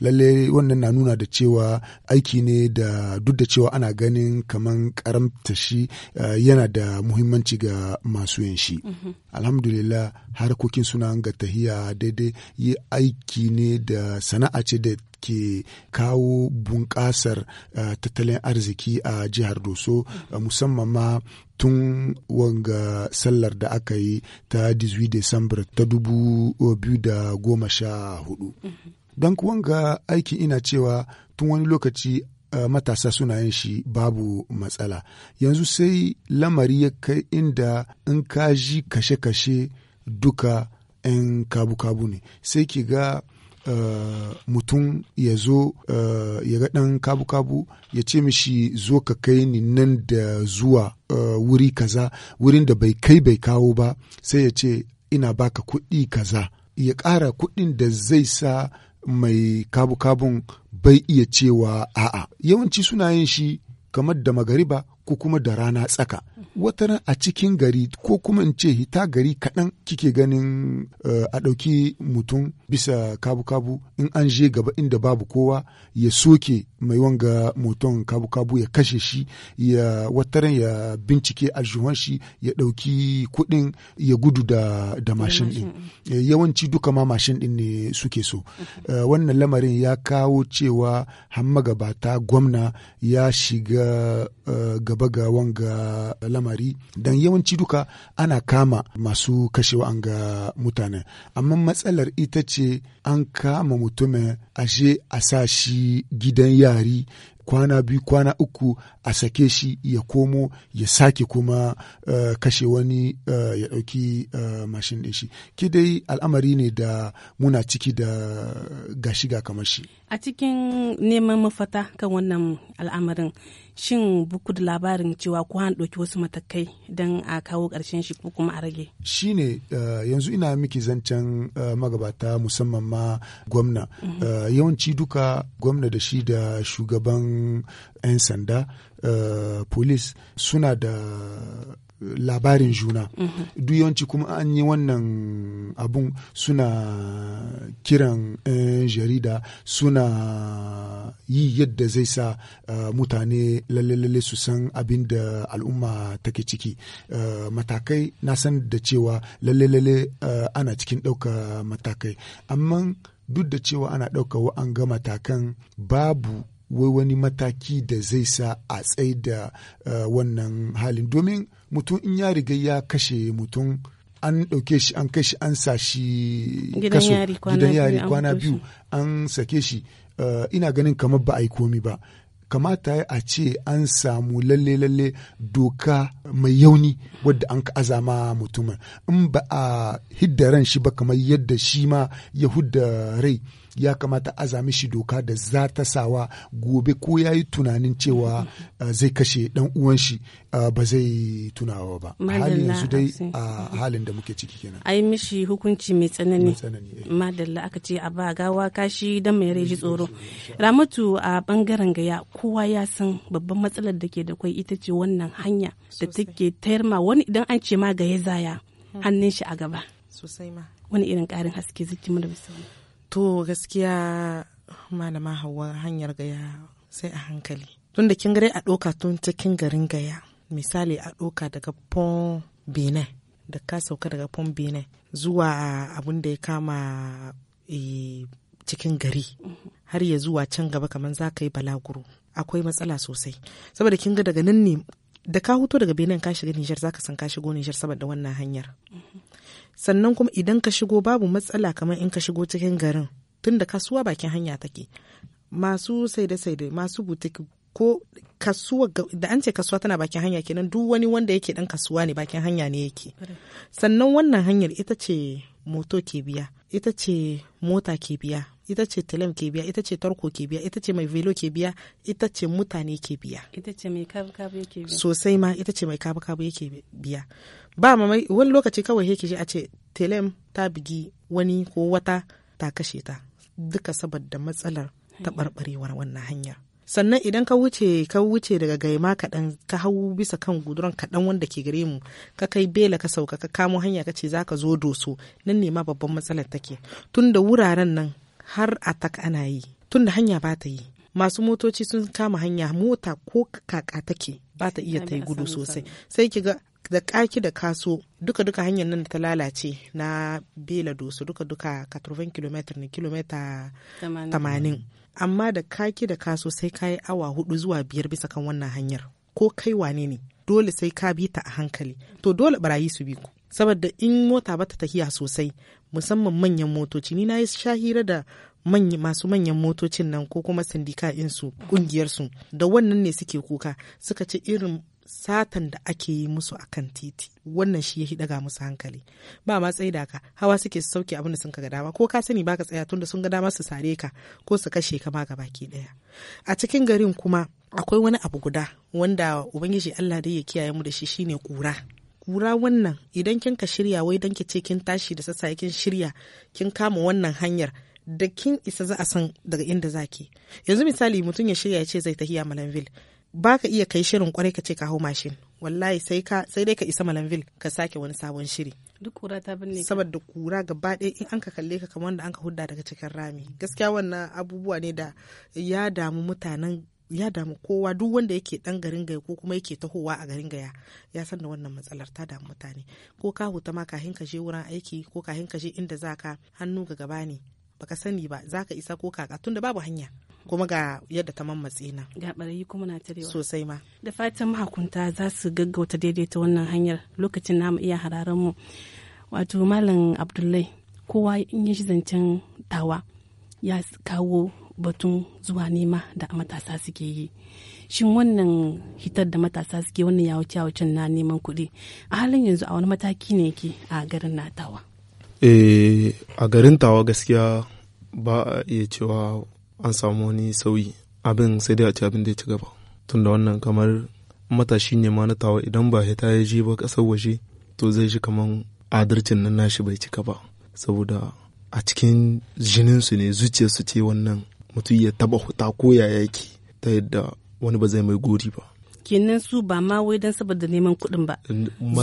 lalle wannan na nuna da cewa aiki ne da duk da cewa ana ganin kaman karamta shi yana da muhimmanci ga masu yin shi mhm. alhamdulillah harkokin suna ga tahiya daidai yi aiki ne da sana'a ce da ke kawo bunƙasar tattalin tattalin arziki a jihar doso eh, musamman ma tun wanga sallar da aka yi ta 18 Desambar ta 2014. Eh, mhm. Don wanga aiki ina cewa tun wani lokaci eh, matasa suna yin shi babu matsala yanzu sai lamari ya kai inda in ka ji kashe-kashe duka 'yan kabu-kabu ne sai ki ga Eh, mutum ya zo eh, ya ga ɗan kabu-kabu ya ce mishi zo ka kai ni nan da zuwa eh, wuri kaza wurin da bai kai bai kawo ba sai ya ce ina baka kuɗi kaza ya ƙara kuɗin da zai sa mai kabu-kabun bai iya cewa a'a yawanci suna yin shi kamar da magariba ko kuma da rana tsaka wataran a cikin gari ko kuma in ce hita gari kaɗan kike ganin eh, a ɗauki mutum bisa kabu-kabu in an je gaba inda babu kowa ya soke mai wanga mutum kabu-kabu ya kashe shi ya wataran ya bincike aljuhan shi ya ɗauki kuɗin ya gudu da, da mashin ɗin eh, yawanci duka ma mashin ɗin ne suke so eh, wannan lamarin ya kawo cewa hamma gabata gwamna ya shiga gaba ga wanga lamari dan yawanci duka ana kama masu kashewa an ga mutane amma matsalar ita ce an kama mutumin ashe a sa shi gidan yari kwana biyu kwana uku a sake shi ya komo ya sake kuma uh, kashe wani uh, ya ɗauki uh, mashin ɗin shi al'amari ne da muna ciki da gashi ga kamar shi a cikin neman mafata kan wannan al'amarin shin buku da labarin cewa ko an ɗauki wasu matakai don a kawo ƙarshen shi ko kuma a rage shi ne eh, yanzu ina miki zancen eh, magabata musamman ma gwamna mhm. eh, yawanci duka gwamna da shi da shugaban 'yan sanda polis suna da labarin juna -hmm. yawanci kuma an yi wannan abun suna kiran eh, jarida suna yi yadda zai sa eh, mutane lalle-lalle su san abin da al'umma take ciki eh, matakai na san da cewa lalle-lalle ana cikin ɗauka matakai amma duk da cewa ana ɗauka ga matakan babu wai wani mataki da zai sa a tsaida da uh, wannan halin domin mutum in ya riga ya kashe mutum an ɗauke shi an kai shi an sa shi kaso gidan yari kwana biyu an sake shi eh, ina ganin kamar ba a yi komi ba kamata a ce an samu lalle-lalle doka mai yauni wadda an ka azama mutumin in ba a hidda ran shi ba kamar yadda shi ma ya hudda rai ya kamata a zame shi doka da za ta sawa gobe ko ya yi tunanin cewa mm-hmm. uh, zai kashe dan uwan shi uh, ba zai tunawa ba halin yanzu dai a halin da muke ciki kenan ai mishi hukunci mai tsanani eh. madalla aka ce a ba gawa kashi da mai rai tsoro ramatu a bangaren gaya kowa ya san babban matsalar da ke da kwai ita ce wannan hanya da take tayarma wani idan an ce ma ga ya zaya hmm. hannun shi a gaba sosai ma wani irin karin haske ziki mu da to gaskiya malama hawa hanyar gaya sai a hankali tunda kin gare a ɗoka tun cikin garin gaya misali a ɗoka daga pon benin da ka sauka daga pon bene. zuwa abun da ya kama e, cikin gari har ya zuwa can gaba kamar za ka yi balaguro akwai matsala sosai saboda kin ga daga nan ne da ka huto daga benin ka shiga nijar za ka san ka shigo nijar saboda wannan hanyar sannan kuma idan ka shigo babu matsala kamar in ka shigo cikin garin tunda kasuwa bakin hanya take masu saide-saide masu butiki ko kasuwa da an ce kasuwa tana bakin hanya kenan duk wani wanda yake dan kasuwa ne bakin hanya ne yake sannan wannan hanyar ita ce moto ke biya ita ce mota ke biya ita ce telem ke biya ita ce tarko ke biya ita ce mai velo ke biya ita ce mutane ke biya ita ce mai kabu kabu yake biya sosai ma ita ce mai kabu kabu yake biya ba mamai wani lokaci kawai yake shi a ce telem ta bugi wani ko wata ta kashe ta duka saboda matsalar taɓarɓarewar wannan hanyar sannan idan ka wuce ka wuce daga gaima kaɗan ka hau bisa kan guduran kaɗan wanda ke gare mu ka kai bela ka sauka ka kamo hanya ka ce za ka zo doso nan ne ma babban matsalar take tun da wuraren nan har a atak ana yi tun da hanya ba ta yi masu motoci sun kama hanya mota ko kaka take ba ta iya ta yi gudu sosai sai ki ga da kaki da kaso duka duka hanyar nan da ta lalace na bela dosu duka duka 80 km ne kilomita 80 amma da kaki da kaso sai ka yi awa hudu zuwa biyar bisa kan wannan hanyar ko kai wane ne dole sai ka bi ta a hankali to dole barayi su bi ku saboda in mota bata tahiya sosai musamman manyan motoci ni na yi shahira da masu manyan motocin nan ko kuma sindika insu kungiyarsu da wannan ne suke kuka suka ce irin satan da ake yi musu a kan titi wannan shi ya daga musu hankali ba ma tsaye da ka hawa suke su sauke abin da sun ga dama ko ka sani baka tsaya tun da sun ga dama su sare ka ko su kashe ka ma baki daya a cikin garin kuma akwai wani abu guda wanda ubangiji Allah dai ya kiyaye mu da shi shine kura kura wannan idan kin ka shirya wai don ki ce kin tashi da sassa kin shirya kin kama wannan hanyar da kin isa za a san daga inda zaki yanzu misali mutum ya shirya ya ce zai tafiya malanville ba ka iya kai shirin kwarai ka ce ka hau mashin wallahi sai ka dai ka isa malanville ka sake wani sabon shiri duk kura ta binne saboda kura gaba ɗaya in an ka kalle ka kamar da an ka hudda daga cikin rami gaskiya wannan abubuwa ne da ya damu mutanen ya damu kowa duk wanda yake dan garin gaya ko kuma yake tahowa a garin gaya ya san da wannan matsalar ta damu mutane ko ka huta ma kahin ka je wurin aiki ko kahin ka je inda zaka hannu ga gaba ne baka sani ba zaka isa ko kaka tunda babu hanya kuma ga yadda ta mammatse na. ga barayi kuma na tarewa sosai ma da fatan mahakunta za su gaggauta daidaita wannan hanyar lokacin namu iya hararen mu wato malam abdullahi kowa in ya shi zancen tawa ya kawo batun zuwa nema da matasa suke yi shin wannan hitar da matasa suke wannan ya wuce wucen na neman kuɗi a halin yanzu a wani mataki ne yake a garin natawa eh a garin tawa gaskiya ba a iya cewa an samu wani sauyi abin sai dai a ci abin da ya ci gaba tunda wannan kamar matashi ne ma na tawa idan ba hita ya je ba kasar waje to zai shi kamar adalcin nan nashi bai cika ba saboda a cikin jininsu ne zuciyarsu ce wannan mutum ya taba huta ko ya yake ta yadda wani ba zai mai gori ba kenan su ba ma wai don saboda neman kuɗin ba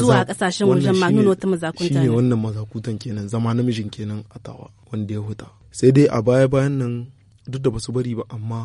zuwa kasashen wajen ma nuna wata mazakuta ne wannan mazakutan kenan zama namijin kenan a tawa wanda ya huta sai dai a baya bayan nan duk da basu bari ba amma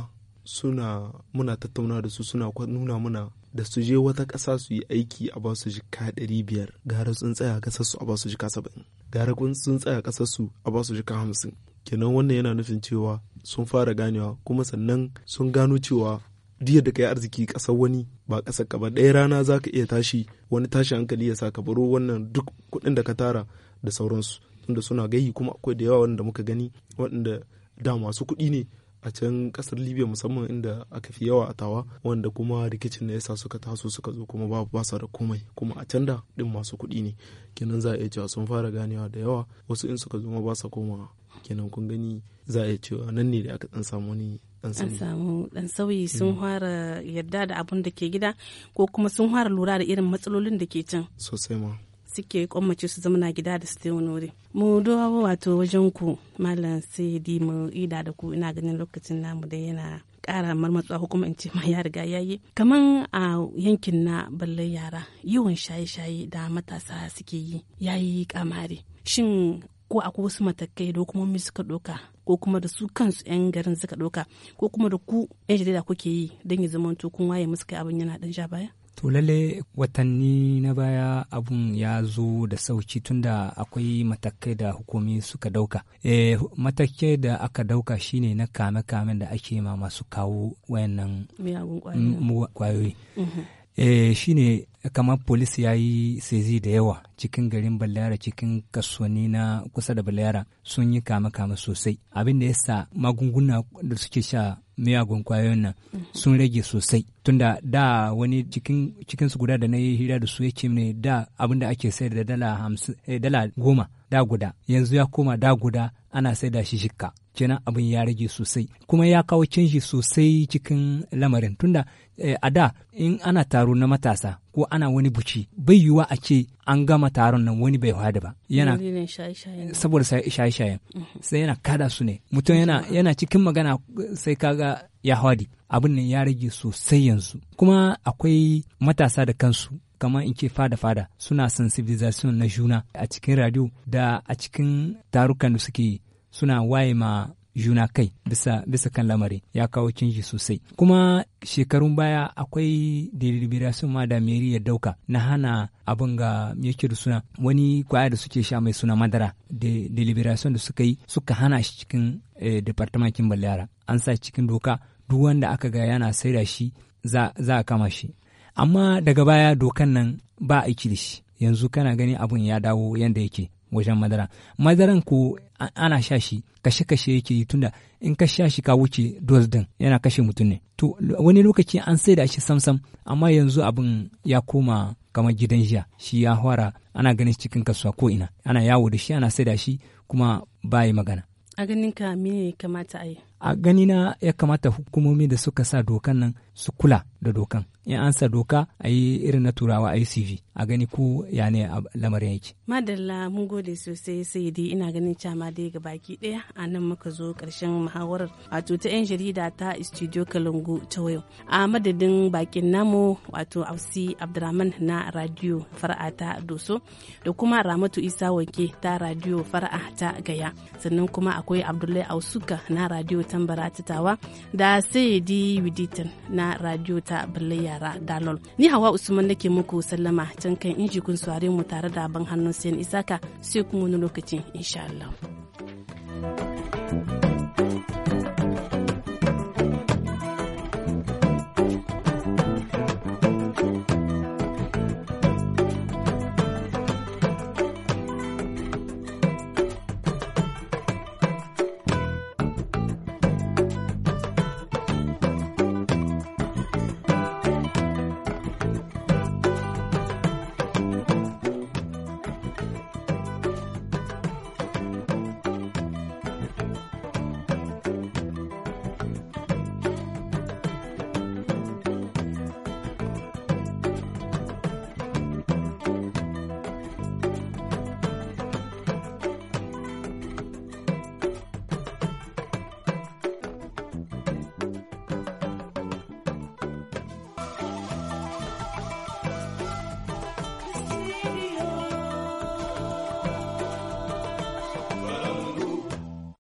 suna muna tattauna da su suna nuna muna da su je wata ƙasa su yi aiki a ba su jika ɗari biyar gara sun tsaya ƙasar su a ba su jika saba'in gara kun sun tsaya ƙasar su a ba su jika hamsin kenan wannan yana nufin cewa sun fara ganewa kuma sannan sun gano cewa diya da kai arziki ƙasar wani ba ƙasar ka ba ɗaya rana za ka iya tashi wani tashi hankali ya sa ka baro wannan duk kuɗin da ka tara da sauransu tunda suna gayi kuma akwai da yawa wanda muka gani waɗanda da masu kuɗi ne a can ƙasar libya musamman inda aka fi yawa a tawa wanda kuma rikicin da yasa suka taso suka zo kuma ba basa da komai kuma a can da ɗin masu kuɗi ne kenan za a iya cewa sun fara ganewa da yawa wasu in suka zo ma ba sa komawa kenan kun gani za a cewa nan ne da aka dan samu wani an samu dan sauyi sun fara yarda da abun da ke gida ko kuma sun fara lura da irin matsalolin da ke can sosai ma suke kwammace su zama na gida da su taimaka wuri. Mu dawo wato wajen ku malam sai di mu ida da ku ina ganin lokacin namu da yana kara marmatsa kuma in ce ma ya riga ya yi. Kaman a yankin na ballan yara yawan shaye-shaye da matasa suke yi ya yi kamari. Shin ko akwai wasu matakai da hukumomi suka ɗauka ko kuma da su kansu 'yan garin suka ɗauka ko kuma da ku 'yan jarida kuke yi don ya zama kun waye musu kai abin yana ɗan sha baya? To lalle watanni na baya abun ya zo da sauci tunda akwai matakai da hukumi suka dauka. E, eh, matakai da aka ɗauka shine na kame-kamen da ake ma masu kawo wayannan kwayoyi. eh, shine kamar polis ya yi sezi da yawa cikin garin balyara cikin kasuwanni na kusa da balyara sun yi kama-kama sosai abin da ya sa magunguna da suke sha miyagun kwayoyin nan sun rage sosai tunda da wani cikin su guda da na yi hira da su yake ne da abin da ake sayar da eh, dala goma da guda yanzu ya koma da guda ana sai da shi shikka kenan abin ya rage sosai kuma ya kawo canji sosai cikin lamarin tunda eh, a da in ana taro na matasa ko ana wani buci bai yiwuwa a ce an gama taron nan wani bai hada ba yana saboda shaye mhm. sai yana kada su ne mutum yana yana cikin magana sai kaga ya hadi abin nan ya rage sosai yanzu kuma akwai matasa da kansu kamar in ke fada-fada suna sensibilization na juna a cikin radio da a cikin tarukan da suke suna waye ma juna kai bisa, bisa kan lamari ya kawo canji sosai kuma shekarun baya akwai deliberation ma da meri ya dauka na hana abin ga yake da suna wani kwaya da suke sha mai suna madara de, deliberation da suka yi suka hana shi cikin eh, departament kimbal yara an sa cikin doka duk wanda aka ga yana saida shi za, a kama shi amma daga baya dokan nan ba a yanzu kana gani abun ya dawo yadda yake wajen madara madaran ko ana sha shi kashe-kashe yake yi tunda in ka sha shi ka wuce dos din yana kashe mutum ne to wani lokaci an sai da shi samsam amma yanzu abin ya koma kamar gidan jiya shi ya fara ana ganin cikin kasuwa ko ina ana yawo da shi ana sai da shi kuma bayi magana a ganin ka mene kamata a yi a ganina ya kamata hukumomi da suka sa dokan nan su kula da dokan in an sa doka a yi irin na turawa icv a gani ku ya ne lamarin yake madalla mun gode sosai sai dai ina ganin cama da ga baki daya a nan muka zo karshen muhawarar wato ta yan jarida ta studio kalungu ta wayo a madadin bakin namu wato ausi abdurrahman na radio fara'a ta doso da kuma ramatu isa wanke ta radio fara'a ta gaya sannan kuma akwai abdullahi ausuka na radio tambara ta tawa da sai na radio ta balle yara dalol ni hawa usman nake muku sallama can kan inji kun sware mu tare da ban hannun sayan isaka sai kuma wani lokaci insha Allah. thank you